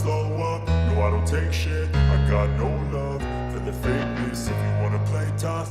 slow up, no I don't take shit I got no love for the fakeness if you wanna play tough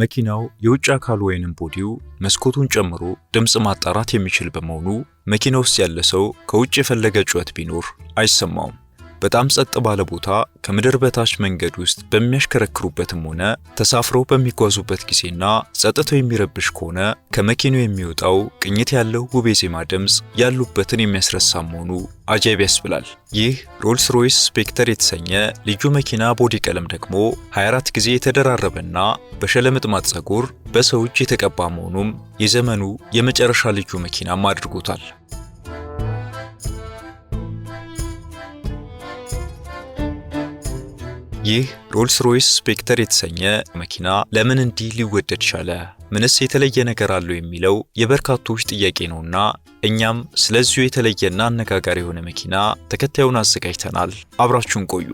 መኪናው የውጭ አካል ወይንም ቦዲው መስኮቱን ጨምሮ ድምፅ ማጣራት የሚችል በመሆኑ መኪና ውስጥ ያለ ሰው ከውጭ የፈለገ ጩኸት ቢኖር አይሰማውም። በጣም ጸጥ ባለ ቦታ ከምድር በታች መንገድ ውስጥ በሚያሽከረክሩበትም ሆነ ተሳፍረው በሚጓዙበት ጊዜና ጸጥታው የሚረብሽ ከሆነ ከመኪናው የሚወጣው ቅኝት ያለው ውብ የዜማ ድምፅ ያሉበትን የሚያስረሳ መሆኑ አጀብ ያስብላል። ይህ ሮልስ ሮይስ ስፔክተር የተሰኘ ልዩ መኪና ቦዲ ቀለም ደግሞ 24 ጊዜ የተደራረበና በሸለምጥማት ጸጉር በሰው እጅ የተቀባ መሆኑም የዘመኑ የመጨረሻ ልዩ መኪናም አድርጎታል። ይህ ሮልስ ሮይስ ስፔክተር የተሰኘ መኪና ለምን እንዲህ ሊወደድ ቻለ? ምንስ የተለየ ነገር አለው የሚለው የበርካቶች ጥያቄ ነውና እኛም ስለዚሁ የተለየና አነጋጋሪ የሆነ መኪና ተከታዩን አዘጋጅተናል። አብራችሁን ቆዩ።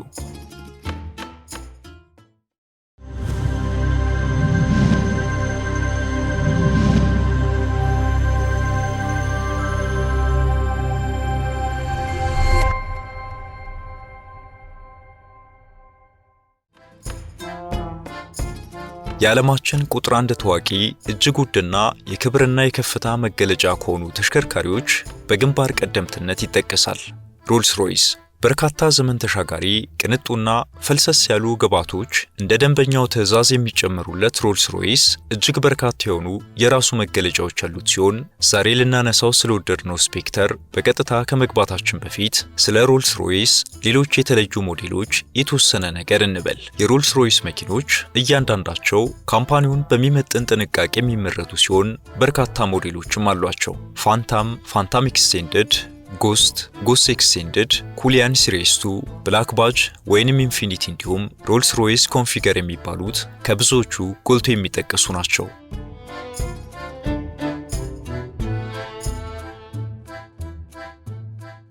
የዓለማችን ቁጥር አንድ ታዋቂ እጅግ ውድና የክብርና የከፍታ መገለጫ ከሆኑ ተሽከርካሪዎች በግንባር ቀደምትነት ይጠቀሳል ሮልስ ሮይስ። በርካታ ዘመን ተሻጋሪ ቅንጡና ፈልሰስ ያሉ ግብዓቶች እንደ ደንበኛው ትዕዛዝ የሚጨመሩለት ሮልስ ሮይስ እጅግ በርካታ የሆኑ የራሱ መገለጫዎች ያሉት ሲሆን ዛሬ ልናነሳው ስለወደድነው ስፔክተር በቀጥታ ከመግባታችን በፊት ስለ ሮልስ ሮይስ ሌሎች የተለዩ ሞዴሎች የተወሰነ ነገር እንበል። የሮልስ ሮይስ መኪኖች እያንዳንዳቸው ካምፓኒውን በሚመጥን ጥንቃቄ የሚመረቱ ሲሆን በርካታ ሞዴሎችም አሏቸው። ፋንታም፣ ፋንታም ኤክስቴንድድ ጎስት፣ ጎስ ኤክስቴንድድ፣ ኩሊያን ሲሬስቱ፣ ብላክ ባጅ ወይንም ኢንፊኒቲ እንዲሁም ሮልስ ሮይስ ኮንፊገር የሚባሉት ከብዙዎቹ ጎልቶ የሚጠቀሱ ናቸው።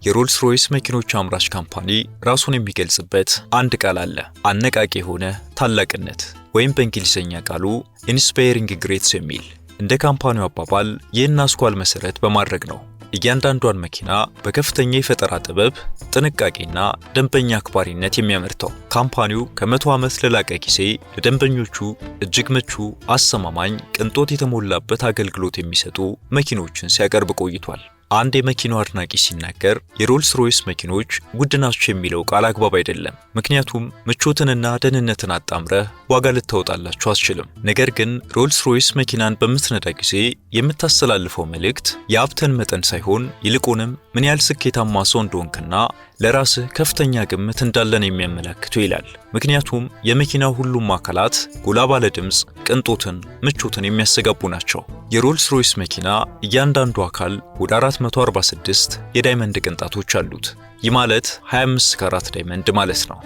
የሮልስ ሮይስ መኪኖች አምራች ካምፓኒ ራሱን የሚገልጽበት አንድ ቃል አለ። አነቃቂ የሆነ ታላቅነት ወይም በእንግሊዝኛ ቃሉ ኢንስፓየሪንግ ግሬትስ የሚል። እንደ ካምፓኒው አባባል ይህን አስኳል መሰረት በማድረግ ነው እያንዳንዷን መኪና በከፍተኛ የፈጠራ ጥበብ፣ ጥንቃቄና ደንበኛ አክባሪነት የሚያመርተው ካምፓኒው ከመቶ ዓመት ለላቀ ጊዜ ለደንበኞቹ እጅግ ምቹ፣ አስተማማኝ፣ ቅንጦት የተሞላበት አገልግሎት የሚሰጡ መኪኖችን ሲያቀርብ ቆይቷል። አንድ የመኪናው አድናቂ ሲናገር የሮልስ ሮይስ መኪኖች ውድ ናቸው የሚለው ቃል አግባብ አይደለም። ምክንያቱም ምቾትንና ደህንነትን አጣምረህ ዋጋ ልታወጣላቸው አስችልም። ነገር ግን ሮልስ ሮይስ መኪናን በምትነዳ ጊዜ የምታስተላልፈው መልእክት የሀብትን መጠን ሳይሆን ይልቁንም ምን ያህል ስኬታማ ሰው እንደሆንክና ለራስህ ከፍተኛ ግምት እንዳለን የሚያመለክቱ ይላል። ምክንያቱም የመኪናው ሁሉም አካላት ጎላ ባለ ድምፅ፣ ቅንጦትን፣ ምቾትን የሚያስተጋቡ ናቸው። የሮልስ ሮይስ መኪና እያንዳንዱ አካል ወደ 446 የዳይመንድ ቅንጣቶች አሉት። ይህ ማለት 25 ካራት ዳይመንድ ማለት ነው።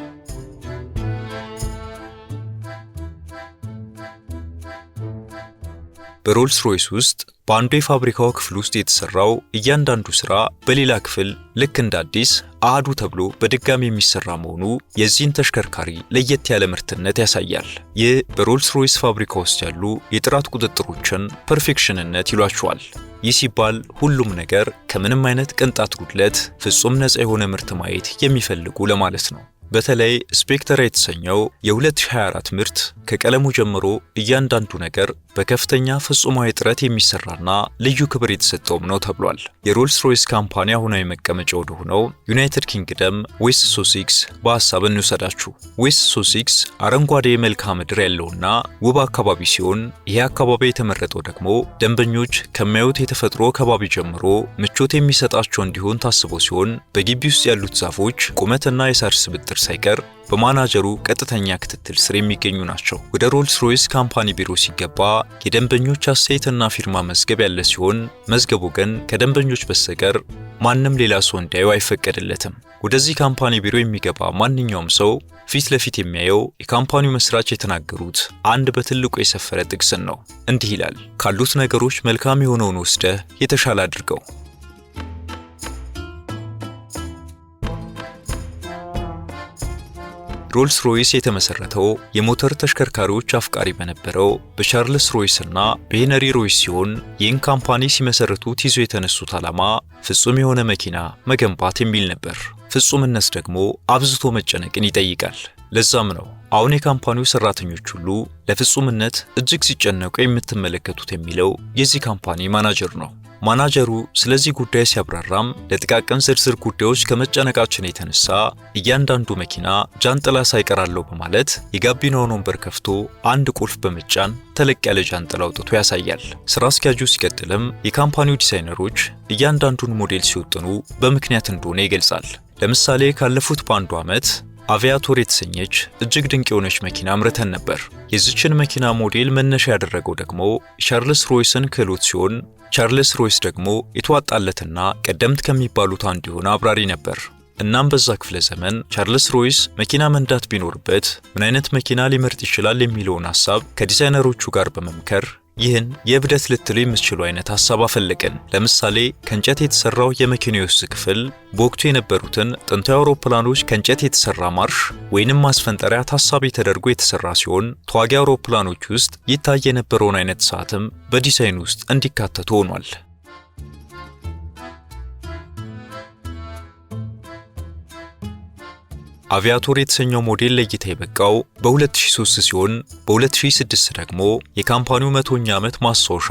በሮልስ ሮይስ ውስጥ በአንዱ የፋብሪካው ክፍል ውስጥ የተሰራው እያንዳንዱ ስራ በሌላ ክፍል ልክ እንደ አዲስ አሃዱ ተብሎ በድጋሚ የሚሰራ መሆኑ የዚህን ተሽከርካሪ ለየት ያለ ምርትነት ያሳያል። ይህ በሮልስ ሮይስ ፋብሪካ ውስጥ ያሉ የጥራት ቁጥጥሮችን ፐርፌክሽንነት ይሏቸዋል። ይህ ሲባል ሁሉም ነገር ከምንም አይነት ቅንጣት ጉድለት ፍጹም ነፃ የሆነ ምርት ማየት የሚፈልጉ ለማለት ነው። በተለይ ስፔክተር የተሰኘው የ2024 ምርት ከቀለሙ ጀምሮ እያንዳንዱ ነገር በከፍተኛ ፍጹማዊ ጥረት የሚሰራና ልዩ ክብር የተሰጠውም ነው ተብሏል። የሮልስ ሮይስ ካምፓኒ አሁናዊ መቀመጫ ወደሆነው ዩናይትድ ኪንግደም ዌስት ሶሲክስ በሀሳብ እንውሰዳችሁ። ዌስት ሶሲክስ አረንጓዴ መልክዓ ምድር ያለውና ውብ አካባቢ ሲሆን ይሄ አካባቢ የተመረጠው ደግሞ ደንበኞች ከሚያዩት የተፈጥሮ ከባቢ ጀምሮ ምቾት የሚሰጣቸው እንዲሆን ታስቦ ሲሆን በግቢ ውስጥ ያሉት ዛፎች ቁመትና የሳር ስብጥር ሳይቀር በማናጀሩ ቀጥተኛ ክትትል ስር የሚገኙ ናቸው። ወደ ሮልስ ሮይስ ካምፓኒ ቢሮ ሲገባ የደንበኞች አስተያየትና ፊርማ መዝገብ ያለ ሲሆን መዝገቡ ግን ከደንበኞች በስተቀር ማንም ሌላ ሰው እንዲያዩ አይፈቀድለትም። ወደዚህ ካምፓኒ ቢሮ የሚገባ ማንኛውም ሰው ፊት ለፊት የሚያየው የካምፓኒው መስራች የተናገሩት አንድ በትልቁ የሰፈረ ጥቅስን ነው። እንዲህ ይላል፣ ካሉት ነገሮች መልካም የሆነውን ወስደህ የተሻለ አድርገው ሮልስ ሮይስ የተመሰረተው የሞተር ተሽከርካሪዎች አፍቃሪ በነበረው በቻርልስ ሮይስ እና በሄነሪ ሮይስ ሲሆን ይህን ካምፓኒ ሲመሰረቱት ይዞ የተነሱት ዓላማ ፍጹም የሆነ መኪና መገንባት የሚል ነበር። ፍጹምነት ደግሞ አብዝቶ መጨነቅን ይጠይቃል። ለዛም ነው አሁን የካምፓኒው ሰራተኞች ሁሉ ለፍጹምነት እጅግ ሲጨነቁ የምትመለከቱት የሚለው የዚህ ካምፓኒ ማናጀር ነው። ማናጀሩ ስለዚህ ጉዳይ ሲያብራራም ለጥቃቅን ዝርዝር ጉዳዮች ከመጨነቃችን የተነሳ እያንዳንዱ መኪና ጃንጥላ ሳይቀራለው በማለት የጋቢናውን ወንበር ከፍቶ አንድ ቁልፍ በመጫን ተለቅ ያለ ጃንጥላ አውጥቶ ያሳያል። ስራ አስኪያጁ ሲቀጥልም የካምፓኒው ዲዛይነሮች እያንዳንዱን ሞዴል ሲወጥኑ በምክንያት እንደሆነ ይገልጻል። ለምሳሌ ካለፉት በአንዱ ዓመት አቪያቶር የተሰኘች እጅግ ድንቅ የሆነች መኪና አምርተን ነበር። የዚችን መኪና ሞዴል መነሻ ያደረገው ደግሞ ቻርልስ ሮይስን ክህሎት ሲሆን ቻርልስ ሮይስ ደግሞ የተዋጣለትና ቀደምት ከሚባሉት አንዱ የሆነ አብራሪ ነበር። እናም በዛ ክፍለ ዘመን ቻርልስ ሮይስ መኪና መንዳት ቢኖርበት ምን አይነት መኪና ሊመርጥ ይችላል የሚለውን ሀሳብ ከዲዛይነሮቹ ጋር በመምከር ይህን የእብደት ልትሉ የምትችሉ አይነት ሐሳብ አፈለቅን። ለምሳሌ ከእንጨት የተሰራው ውስጥ ክፍል፣ በወቅቱ የነበሩትን ጥንታዊ አውሮፕላኖች ከእንጨት የተሰራ ማርሽ ወይንም ማስፈንጠሪያ ታሳቢ ተደርጎ የተሰራ ሲሆን ተዋጊ አውሮፕላኖች ውስጥ ይታይ የነበረውን አይነት ሰዓትም በዲዛይን ውስጥ እንዲካተቱ ሆኗል። አቪያቶር የተሰኘው ሞዴል ለእይታ የበቃው በ2003 ሲሆን በ2006 ደግሞ የካምፓኒው መቶኛ ዓመት ማስታወሻ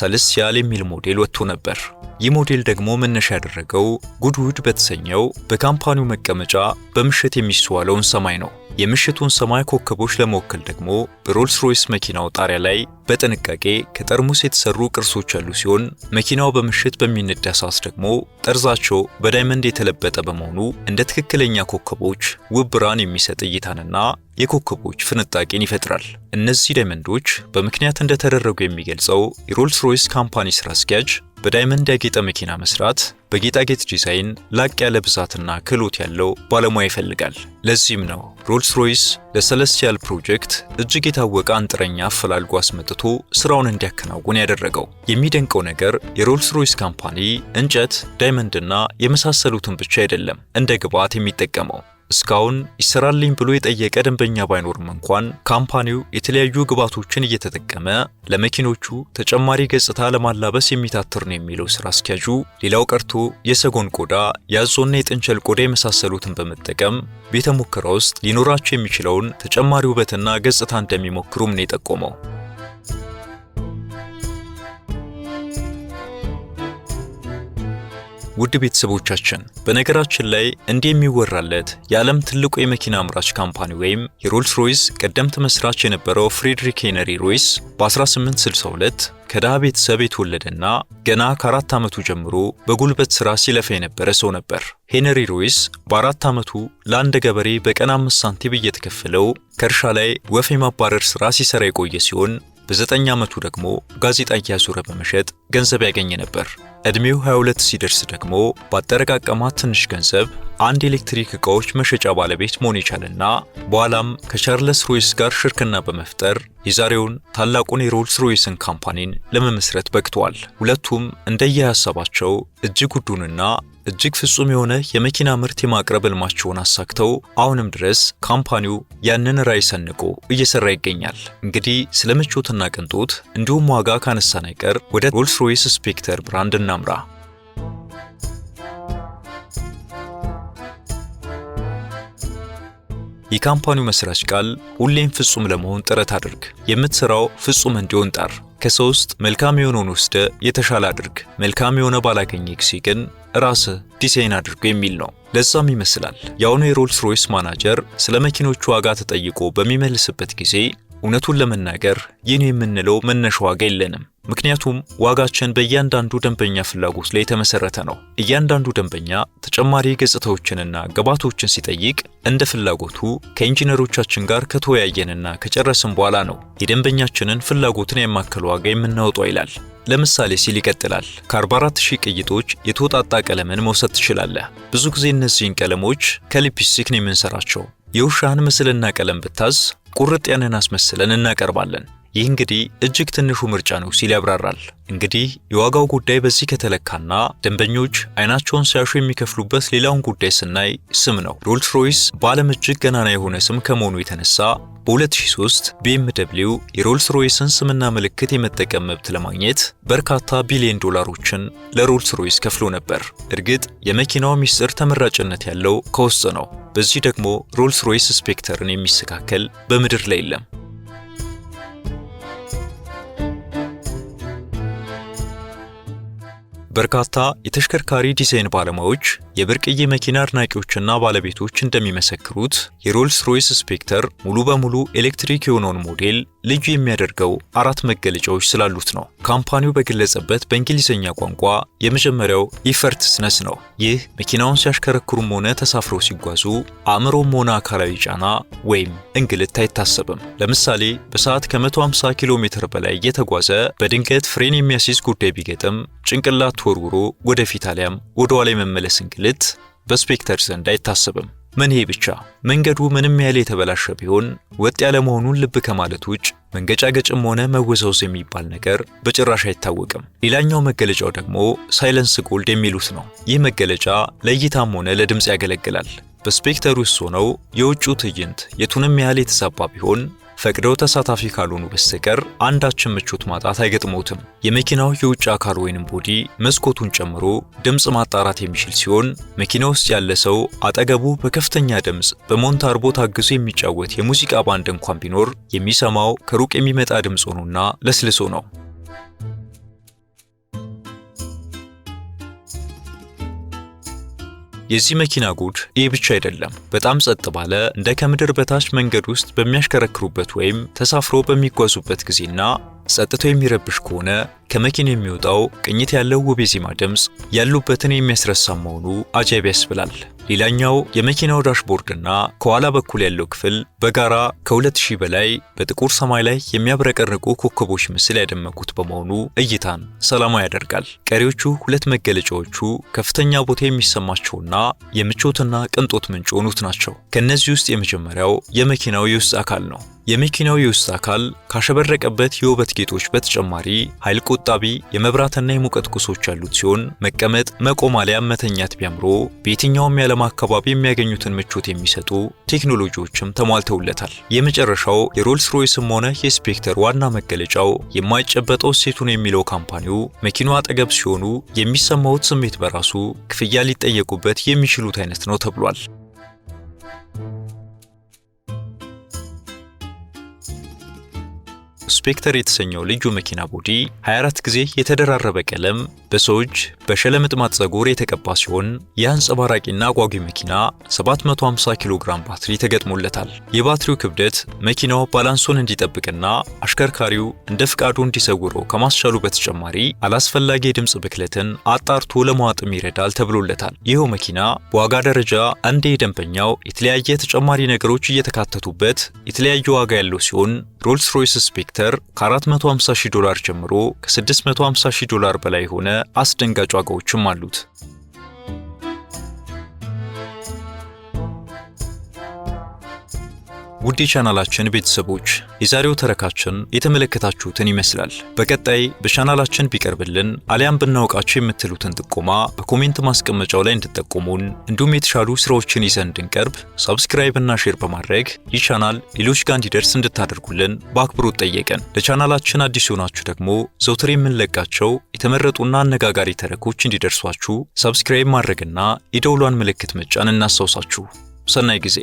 ሰልስ ያል የሚል ሞዴል ወጥቶ ነበር። ይህ ሞዴል ደግሞ መነሻ ያደረገው ጉድውድ በተሰኘው በካምፓኒው መቀመጫ በምሽት የሚስተዋለውን ሰማይ ነው። የምሽቱን ሰማይ ኮከቦች ለመወከል ደግሞ በሮልስ ሮይስ መኪናው ጣሪያ ላይ በጥንቃቄ ከጠርሙስ የተሰሩ ቅርሶች ያሉ ሲሆን መኪናው በምሽት በሚነዳ ሰዓት ደግሞ ጠርዛቸው በዳይመንድ የተለበጠ በመሆኑ እንደ ትክክለኛ ኮከቦች ውብ ብርሃን የሚሰጥ እይታንና የኮከቦች ፍንጣቂን ይፈጥራል። እነዚህ ዳይመንዶች በምክንያት እንደተደረጉ የሚገልጸው የሮልስ ሮይስ ካምፓኒ ስራ አስኪያጅ በዳይመንድ ያጌጠ መኪና መስራት በጌጣጌጥ ዲዛይን ላቅ ያለ ብዛትና ክህሎት ያለው ባለሙያ ይፈልጋል። ለዚህም ነው ሮልስ ሮይስ ለሰለስቲያል ፕሮጀክት እጅግ የታወቀ አንጥረኛ አፈላልጎ አስመጥቶ ስራውን እንዲያከናውን ያደረገው። የሚደንቀው ነገር የሮልስ ሮይስ ካምፓኒ እንጨት፣ ዳይመንድና የመሳሰሉትን ብቻ አይደለም እንደ ግብዓት የሚጠቀመው እስካሁን ይሰራልኝ ብሎ የጠየቀ ደንበኛ ባይኖርም እንኳን ካምፓኒው የተለያዩ ግብዓቶችን እየተጠቀመ ለመኪኖቹ ተጨማሪ ገጽታ ለማላበስ የሚታትር ነው የሚለው ስራ አስኪያጁ፣ ሌላው ቀርቶ የሰጎን ቆዳ፣ የአዞና የጥንቸል ቆዳ የመሳሰሉትን በመጠቀም ቤተ ሙከራ ውስጥ ሊኖራቸው የሚችለውን ተጨማሪ ውበትና ገጽታ እንደሚሞክሩም ነው የጠቆመው። ውድ ቤተሰቦቻችን በነገራችን ላይ እንዲህ የሚወራለት የዓለም ትልቁ የመኪና አምራች ካምፓኒ ወይም የሮልስ ሮይስ ቀደምት መስራች የነበረው ፍሬድሪክ ሄነሪ ሮይስ በ1862 ከድሃ ቤተሰብ የተወለደና ገና ከአራት ዓመቱ ጀምሮ በጉልበት ሥራ ሲለፋ የነበረ ሰው ነበር። ሄነሪ ሮይስ በአራት ዓመቱ ለአንድ ገበሬ በቀን አምስት ሳንቲም እየተከፈለው ከእርሻ ላይ ወፍ የማባረር ሥራ ሲሠራ የቆየ ሲሆን በዘጠኝ ዓመቱ ደግሞ ጋዜጣ እያዞረ በመሸጥ ገንዘብ ያገኘ ነበር። ዕድሜው 22 ሲደርስ ደግሞ ባጠረቃቀማት ትንሽ ገንዘብ አንድ ኤሌክትሪክ ዕቃዎች መሸጫ ባለቤት መሆን የቻለና በኋላም ከቻርለስ ሮይስ ጋር ሽርክና በመፍጠር የዛሬውን ታላቁን የሮልስ ሮይስን ካምፓኒን ለመመስረት በቅተዋል። ሁለቱም እንደየ እጅግ ውዱንና እጅግ ፍጹም የሆነ የመኪና ምርት የማቅረብ ህልማቸውን አሳክተው አሁንም ድረስ ካምፓኒው ያንን ራዕይ ሰንቆ እየሰራ ይገኛል። እንግዲህ ስለ ምቾትና ቅንጦት እንዲሁም ዋጋ ካነሳን አይቀር ወደ ሮልስ ሮይስ ስፔክተር ብራንድ እናምራ። የካምፓኒው መስራች ቃል ሁሌም ፍጹም ለመሆን ጥረት አድርግ፣ የምትሰራው ፍጹም እንዲሆን ጣር ከሶስት መልካም የሆነውን ወስደ የተሻለ አድርግ፣ መልካም የሆነ ባላገኘ ጊዜ ግን ራስህ ዲዛይን አድርጎ የሚል ነው። ለዛም ይመስላል የአሁኑ የሮልስ ሮይስ ማናጀር ስለ መኪኖቹ ዋጋ ተጠይቆ በሚመልስበት ጊዜ እውነቱን ለመናገር ይህን የምንለው መነሻ ዋጋ የለንም። ምክንያቱም ዋጋችን በእያንዳንዱ ደንበኛ ፍላጎት ላይ የተመሰረተ ነው። እያንዳንዱ ደንበኛ ተጨማሪ ገጽታዎችንና ግብዓቶችን ሲጠይቅ እንደ ፍላጎቱ ከኢንጂነሮቻችን ጋር ከተወያየንና ከጨረስን በኋላ ነው የደንበኛችንን ፍላጎትን ያማከለ ዋጋ የምናወጣው ይላል። ለምሳሌ ሲል ይቀጥላል። ከ44000 ቅይጦች የተወጣጣ ቀለምን መውሰድ ትችላለህ። ብዙ ጊዜ እነዚህን ቀለሞች ከሊፕስቲክ ነው የምንሰራቸው። የውሻን ምስልና ቀለም ብታዝ ቁርጥ ያንን አስመስለን እናቀርባለን። ይህ እንግዲህ እጅግ ትንሹ ምርጫ ነው ሲል ያብራራል። እንግዲህ የዋጋው ጉዳይ በዚህ ከተለካና ደንበኞች አይናቸውን ሲያሹ የሚከፍሉበት ሌላውን ጉዳይ ስናይ ስም ነው። ሮልስ ሮይስ በዓለም እጅግ ገናና የሆነ ስም ከመሆኑ የተነሳ በ2003 ቢኤምደብሊው የሮልስ ሮይስን ስምና ምልክት የመጠቀም መብት ለማግኘት በርካታ ቢሊዮን ዶላሮችን ለሮልስ ሮይስ ከፍሎ ነበር። እርግጥ የመኪናው ሚስጥር ተመራጭነት ያለው ከውስጥ ነው። በዚህ ደግሞ ሮልስ ሮይስ ስፔክተርን የሚስተካከል በምድር ላይ የለም። በርካታ የተሽከርካሪ ዲዛይን ባለሙያዎች የብርቅዬ መኪና አድናቂዎችና ባለቤቶች እንደሚመሰክሩት የሮልስ ሮይስ ስፔክተር ሙሉ በሙሉ ኤሌክትሪክ የሆነውን ሞዴል ልዩ የሚያደርገው አራት መገለጫዎች ስላሉት ነው። ካምፓኒው በገለጸበት በእንግሊዝኛ ቋንቋ የመጀመሪያው ኢፈርትስነስ ነው። ይህ መኪናውን ሲያሽከረክሩም ሆነ ተሳፍረው ሲጓዙ አእምሮም ሆነ አካላዊ ጫና ወይም እንግልት አይታሰብም። ለምሳሌ በሰዓት ከ150 ኪሎ ሜትር በላይ እየተጓዘ በድንገት ፍሬን የሚያስይዝ ጉዳይ ቢገጥም ጭንቅላት ተወርውሮ ወደፊት አሊያም ወደኋላ የመመለስ እንግልት በስፔክተር ዘንድ አይታሰብም። ምን ይሄ ብቻ መንገዱ ምንም ያህል የተበላሸ ቢሆን ወጥ ያለ መሆኑን ልብ ከማለት ውጭ መንገጫገጭም ሆነ መወዛወዝ የሚባል ነገር በጭራሽ አይታወቅም። ሌላኛው መገለጫው ደግሞ ሳይለንስ ጎልድ የሚሉት ነው። ይህ መገለጫ ለእይታም ሆነ ለድምፅ ያገለግላል። በስፔክተሩ ውስጥ ሆነው የውጭው ትዕይንት የቱንም ያህል የተዛባ ቢሆን ፈቅደው ተሳታፊ ካልሆኑ በስተቀር አንዳችን ምቾት ማጣት አይገጥሞትም የመኪናው የውጭ አካል ወይንም ቦዲ መስኮቱን ጨምሮ ድምፅ ማጣራት የሚችል ሲሆን መኪና ውስጥ ያለ ሰው አጠገቡ በከፍተኛ ድምፅ በሞንታርቦ ታግዞ የሚጫወት የሙዚቃ ባንድ እንኳን ቢኖር የሚሰማው ከሩቅ የሚመጣ ድምፅ ሆኖና ለስልሶ ነው። የዚህ መኪና ጉድ ይህ ብቻ አይደለም። በጣም ጸጥ ባለ እንደ ከምድር በታች መንገድ ውስጥ በሚያሽከረክሩበት ወይም ተሳፍሮ በሚጓዙበት ጊዜና ጸጥታው የሚረብሽ ከሆነ ከመኪና የሚወጣው ቅኝት ያለው ውብ የዜማ ድምፅ ያሉበትን የሚያስረሳ መሆኑ አጃቢ ያስብላል። ሌላኛው የመኪናው ዳሽቦርድና ከኋላ በኩል ያለው ክፍል በጋራ ከ2000 በላይ በጥቁር ሰማይ ላይ የሚያብረቀርቁ ኮከቦች ምስል ያደመቁት በመሆኑ እይታን ሰላማ ያደርጋል። ቀሪዎቹ ሁለት መገለጫዎቹ ከፍተኛ ቦታ የሚሰማቸውና የምቾትና ቅንጦት ምንጭ የሆኑት ናቸው። ከእነዚህ ውስጥ የመጀመሪያው የመኪናው የውስጥ አካል ነው። የመኪናው የውስጥ አካል ካሸበረቀበት የውበት ጌጦች በተጨማሪ ኃይል ቆጣቢ የመብራትና የሙቀት ቁሶች ያሉት ሲሆን መቀመጥ፣ መቆም አሊያም መተኛት ቢያምሮ በየትኛውም የዓለም አካባቢ የሚያገኙትን ምቾት የሚሰጡ ቴክኖሎጂዎችም ተሟልተውለታል። የመጨረሻው የሮልስ ሮይስም ሆነ የስፔክተር ዋና መገለጫው የማይጨበጠው እሴቱን የሚለው ካምፓኒው መኪናው አጠገብ ሲሆኑ የሚሰማውት ስሜት በራሱ ክፍያ ሊጠየቁበት የሚችሉት አይነት ነው ተብሏል። ስፔክተር የተሰኘው ልዩ መኪና ቦዲ 24 ጊዜ የተደራረበ ቀለም በሰዎች በሸለምጥማት ጸጉር የተቀባ ሲሆን የአንጸባራቂና አጓጊ መኪና 750 ኪሎ ግራም ባትሪ ተገጥሞለታል። የባትሪው ክብደት መኪናው ባላንሱን እንዲጠብቅና አሽከርካሪው እንደ ፍቃዱ እንዲሰውረው ከማስቻሉ በተጨማሪ አላስፈላጊ የድምፅ ብክለትን አጣርቶ ለመዋጥም ይረዳል ተብሎለታል። ይኸው መኪና በዋጋ ደረጃ እንደ የደንበኛው የተለያየ ተጨማሪ ነገሮች እየተካተቱበት የተለያየ ዋጋ ያለው ሲሆን ሮልስ ሮይስ ስፔክተር ከ450 ዶላር ጀምሮ ከ650 ዶላር በላይ የሆነ አስደንጋጭ ማድረጊያዎችም አሉት። ውድ ቻናላችን ቤተሰቦች የዛሬው ተረካችን የተመለከታችሁትን ይመስላል። በቀጣይ በቻናላችን ቢቀርብልን አሊያም ብናውቃቸው የምትሉትን ጥቆማ በኮሜንት ማስቀመጫው ላይ እንድጠቁሙን እንዲሁም የተሻሉ ስራዎችን ይዘን እንድንቀርብ ሰብስክራይብ እና ሼር በማድረግ ይህ ቻናል ሌሎች ጋር እንዲደርስ እንድታደርጉልን በአክብሮት ጠየቀን። ለቻናላችን አዲስ የሆናችሁ ደግሞ ዘውትር የምንለቃቸው የተመረጡና አነጋጋሪ ተረኮች እንዲደርሷችሁ ሰብስክራይብ ማድረግና የደውሏን ምልክት መጫን እናስታውሳችሁ። ሰናይ ጊዜ